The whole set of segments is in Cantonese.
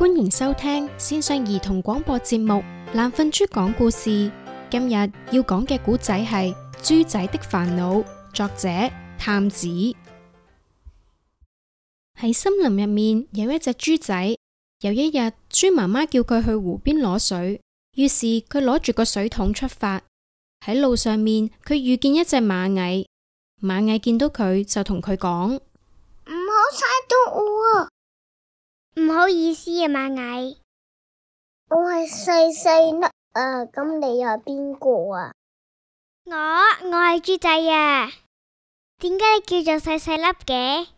歡迎收聽綫上兒童廣播節目《懶瞓豬講故事》。今日要講嘅古仔係《豬仔的煩惱》，作者探子。喺森林入面有一隻豬仔。有一日，豬媽媽叫佢去湖邊攞水，於是佢攞住個水桶出發。喺路上面，佢遇見一隻螞蟻。螞蟻見到佢就同佢講：唔好踩到我。唔好意思啊，螞蟻，我係細細粒啊，咁你又係邊個啊？我我係豬仔啊，點解你叫做細細粒嘅？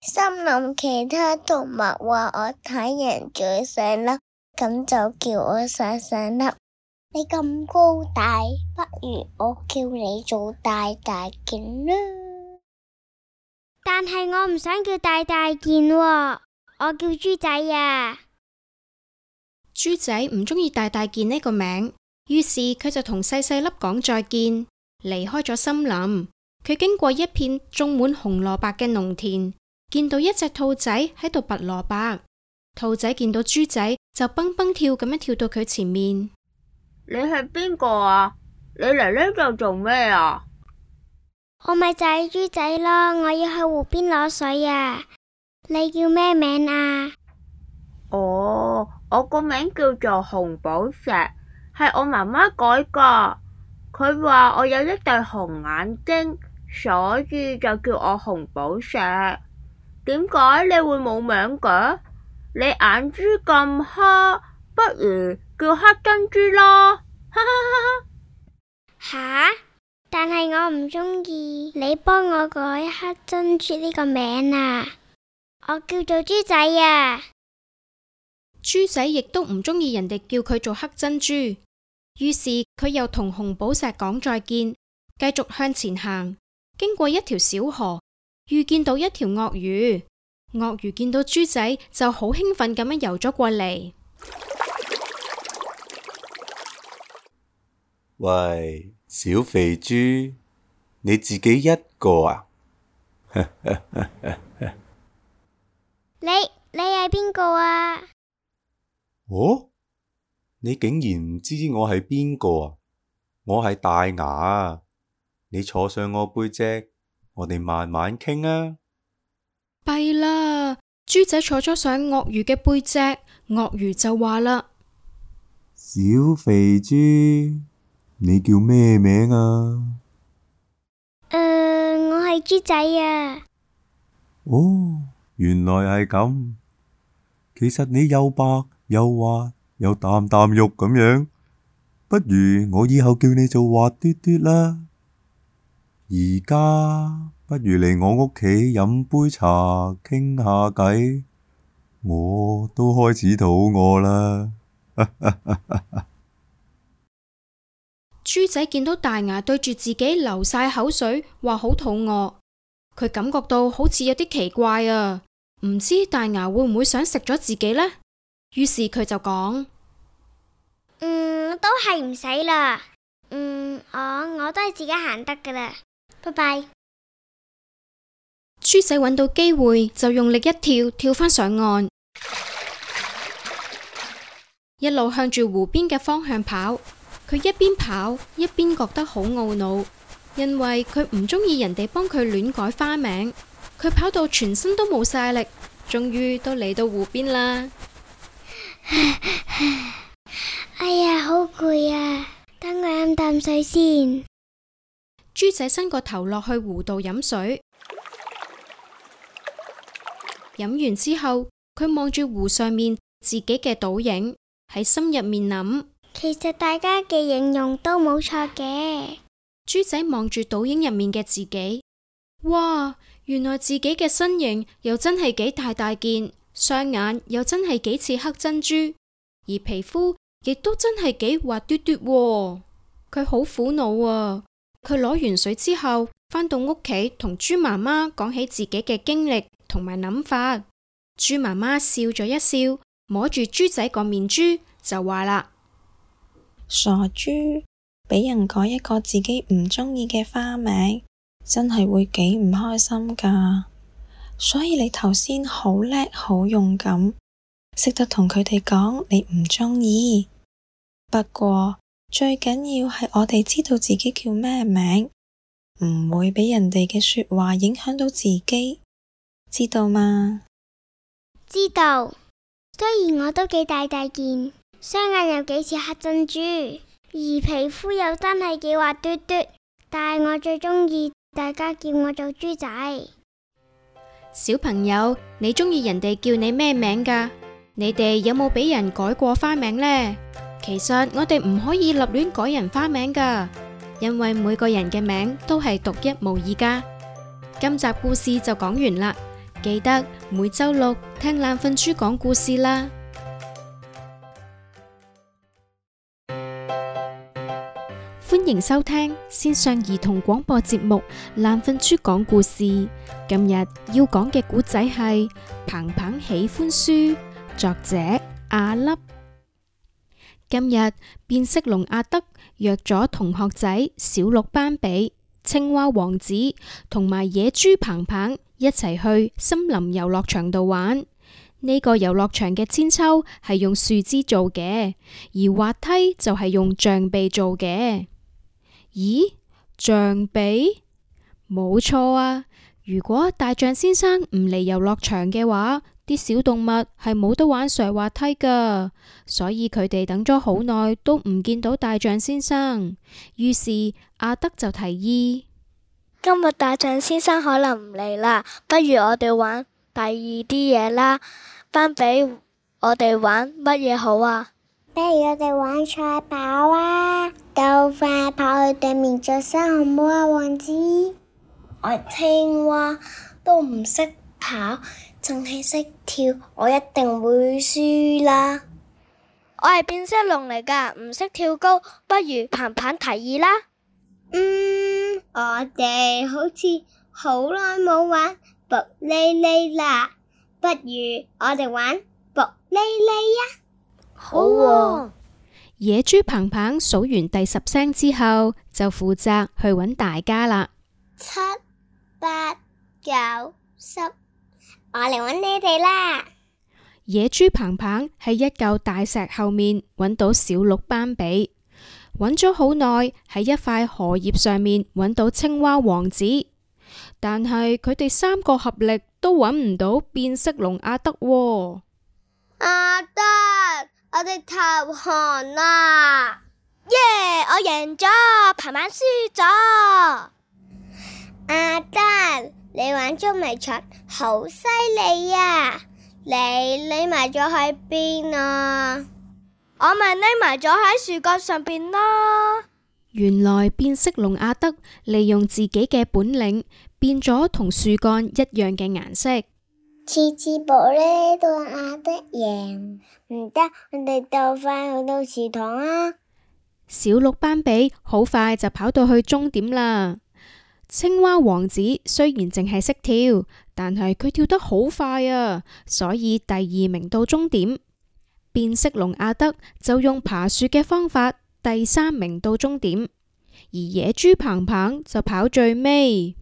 森林其他動物話我睇人最細粒，咁就叫我細細粒。你咁高大，不如我叫你做大大件啦。但係我唔想叫大大件喎、啊。我叫豬仔呀、啊。豬仔唔中意大大件呢個名，於是佢就同細細粒講再見，離開咗森林。佢經過一片種滿紅蘿蔔嘅農田，見到一隻兔仔喺度拔蘿蔔。兔仔見到豬仔就蹦蹦跳咁樣跳到佢前面。你係邊個啊？你嚟呢度做咩啊？我咪就係豬仔咯，我要去湖邊攞水呀、啊。」你叫咩名啊？哦，oh, 我個名叫做紅寶石，係我媽媽改噶。佢話我有一對紅眼睛，所以就叫我紅寶石。點解你會冇名噶？你眼珠咁黑，不如叫黑珍珠囉！哈哈哈！吓，但係我唔鍾意你幫我改黑珍珠呢個名啊！我叫做豬仔啊，豬仔亦都唔中意人哋叫佢做黑珍珠，於是佢又同紅寶石講再見，繼續向前行。經過一條小河，遇見到一條鱷魚，鱷魚見到豬仔就好興奮咁樣游咗過嚟。喂，小肥豬，你自己一個啊？ 你你係邊個啊？哦，你竟然唔知我係邊個啊？我係大牙啊！你坐上我背脊，我哋慢慢傾啊！弊啦，豬仔坐咗上鱷魚嘅背脊，鱷魚就話啦：小肥豬，你叫咩名啊？誒、呃，我係豬仔啊。哦。原來係咁，其實你又白又滑又啖啖肉咁樣，不如我以後叫你做滑嘟嘟啦。而家不如嚟我屋企飲杯茶傾下偈，我都開始肚餓啦。 豬仔見到大牙對住自己流晒口水，話好肚餓。佢感覺到好似有啲奇怪啊，唔知大牙會唔會想食咗自己呢？於是佢就講：「嗯，都係唔使啦，嗯，我我都係自己行得噶啦，拜拜。豬仔揾到機會就用力一跳，跳返上岸，一路向住湖邊嘅方向跑。佢一邊跑一邊覺得好懊惱。因為佢唔中意人哋幫佢亂改花名，佢跑到全身都冇晒力，終於都嚟到湖邊啦。 哎呀，好攰啊！等我飲啖水先。豬仔伸個頭落去湖度飲水，飲完之後，佢望住湖上面自己嘅倒影，喺心入面諗：其實大家嘅形容都冇錯嘅。豬仔望住倒影入面嘅自己，哇！原來自己嘅身形又真係幾大大件，雙眼又真係幾似黑珍珠，而皮膚亦都真係幾滑嘟嘟喎。佢好苦惱啊！佢攞完水之後，返到屋企同豬媽媽講起自己嘅經歷同埋諗法。豬媽媽笑咗一笑，摸住豬仔個面珠就話啦：傻豬！俾人改一個自己唔鍾意嘅花名，真係會幾唔開心㗎。所以你頭先好叻，好勇敢，識得同佢哋講你唔鍾意。不過最緊要係我哋知道自己叫咩名，唔會畀人哋嘅說話影響到自己，知道嗎？知道。雖然我都幾大大件，雙眼又幾似黑珍珠。而皮膚又真係幾滑嘟嘟，但係我最中意大家叫我做豬仔。小朋友，你中意人哋叫你咩名噶？你哋有冇俾人改過花名呢？其實我哋唔可以立亂改人花名噶，因為每個人嘅名都係獨一無二噶。今集故事就講完啦，記得每周六聽懶瞓豬講故事啦。歡迎收聽線上兒童廣播節目《懶瞓豬講故事》。今日要講嘅古仔係《彭彭喜歡輸》，作者阿粒。今日變色龍阿德約咗同學仔小鹿班比、青蛙王子同埋野豬彭彭一齊去森林遊樂場度玩。呢個遊樂場嘅千秋係用樹枝做嘅，而滑梯就係用橡皮做嘅。咦，象比？冇錯啊！如果大象先生唔嚟遊樂場嘅話，啲小動物係冇得玩上滑滑梯噶，所以佢哋等咗好耐都唔見到大象先生。於是阿德就提議：今日大象先生可能唔嚟啦，不如我哋玩第二啲嘢啦。班比，我哋玩乜嘢好啊？不如我哋玩賽跑啊！到。對面着衫好唔好啊，王子？我青蛙都唔識跑，淨係識跳，我一定會輸啦。我係變色龍嚟㗎，唔識跳高，不如彭彭提議啦。嗯，我哋好似好耐冇玩卜哩哩啦，不如我哋玩卜哩哩呀？好、哦。 野豬彭彭數完第十聲之後，就負責去揾大家啦。七、八、九、十，我嚟揾你哋啦。野豬彭彭喺一嚿大石後面揾到小鹿斑比，揾咗好耐喺一塊荷葉上面揾到青蛙王子，但係佢哋三個合力都揾唔到變色龍阿德，哦。阿德，啊。我哋投降啦！耶！我贏咗，彭彭輸咗。阿德，你玩捉迷藏好犀利呀！你匿埋咗喺邊啊？我咪匿埋咗喺樹幹上邊咯。原來變色龍阿德利用自己嘅本領，變咗同樹幹一樣嘅顏色。次次玻呢都阿德贏唔得，我哋就快去到池塘啊。小鹿斑比好快就跑到去終點啦。青蛙王子雖然淨係識跳，但係佢跳得好快啊，所以第二名到終點。變色龍阿德就用爬樹嘅方法，第三名到終點。而野豬彭彭就跑最尾耶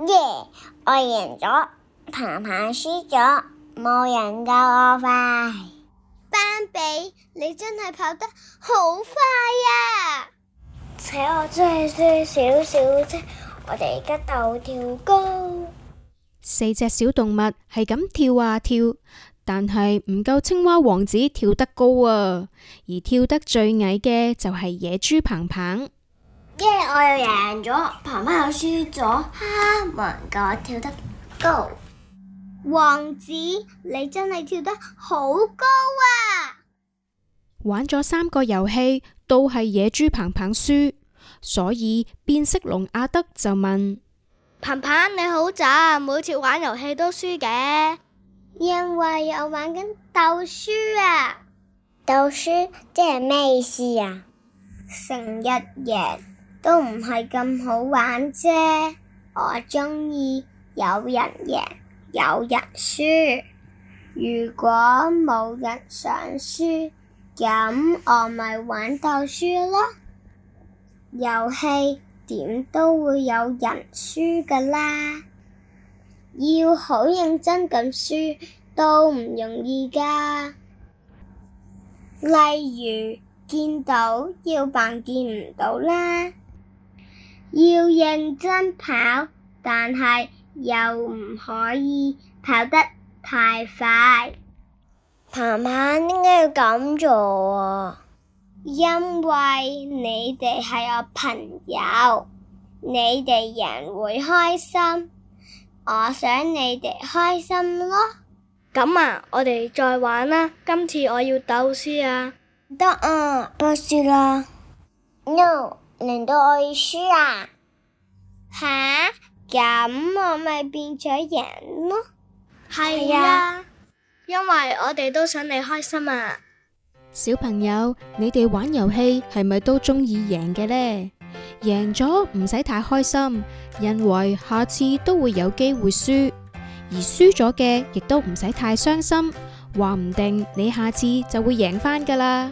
，yeah, 我贏咗。彭彭輸咗，冇人夠我快。斑比，你真係跑得好快啊！唓，我真係衰少少啫。我哋而家鬥跳高，四隻小動物係咁跳啊跳，但係唔夠青蛙王子跳得高啊。而跳得最矮嘅就係野豬彭彭。耶！我又贏咗，彭彭又輸咗，哈！冇人夠我跳得高。王子，你真係跳得好高啊！玩咗三個遊戲都係野豬彭彭輸，所以變色龍阿德就問彭彭：你好渣，每次玩遊戲都輸嘅？因為我玩緊鬥輸啊！鬥輸即係咩意思啊？成日贏都唔係咁好玩啫，我鍾意有人贏。有人輸，如果冇人想輸，咁我咪玩到輸咯。遊戲點都會有人輸噶啦，要好認真咁輸都唔容易噶。例如見到要扮見唔到啦，要認真跑，但係，又唔可以跑得太快。彭彭，點解要咁做啊？因為你哋係我朋友，你哋贏會開心，我想你哋開心咯。咁啊，我哋再玩啦。今次我要鬥輸啊 no，我要輸啊！得啊，鬥輸啦。No，令到我輸啊！吓？咁我咪變咗贏咯。係啊，因為我哋都想你開心啊。小朋友，你哋玩遊戲係咪都中意贏嘅呢？贏咗唔使太開心，因為下次都會有機會輸；而輸咗嘅亦都唔使太傷心，話唔定你下次就會贏返噶啦。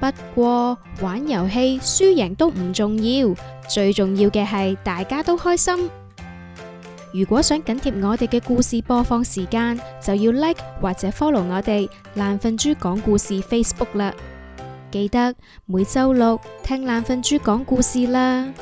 不過玩遊戲輸贏都唔重要，最重要嘅係大家都開心。如果想緊貼我哋嘅故事播放時間，就要 like 或者 follow 我哋懶瞓豬講故事 Facebook 啦！記得每周六聽懶瞓豬講故事啦！